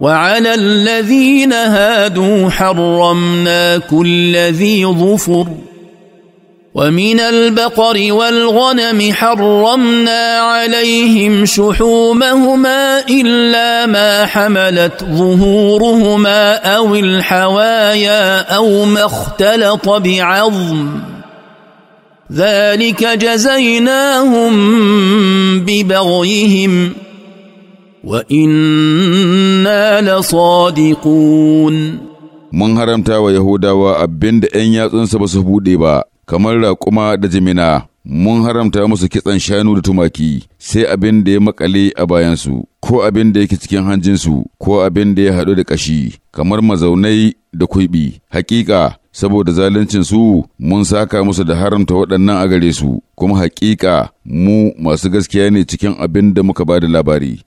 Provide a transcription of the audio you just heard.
وعلى الذين هادوا حرمنا كل ذي ظفر ومن البقر والغنم حرمنا عليهم شحومهما الا ما حملت ظهورهما او الحوايا او ما اختلط بعظم ذلك جزيناهم ببغيهم وان لصادقون mun haramta wa Yahudawa abinda ‘yan yatsunsa ba su buɗe ba, kamar raƙuma da jimina, mun haramta musu kitson shanu da tumaki, sai abin da ya makale a bayansu, ko abin da yake cikin hanjinsu, ko abin da ya haɗu da ƙashi, kamar mazaunai da kubi Hakika, saboda zaluncinsu, mun saka musu da haramta waɗannan a gare kuma hakika mu masu gaskiya ne cikin abin da muka ba da labari.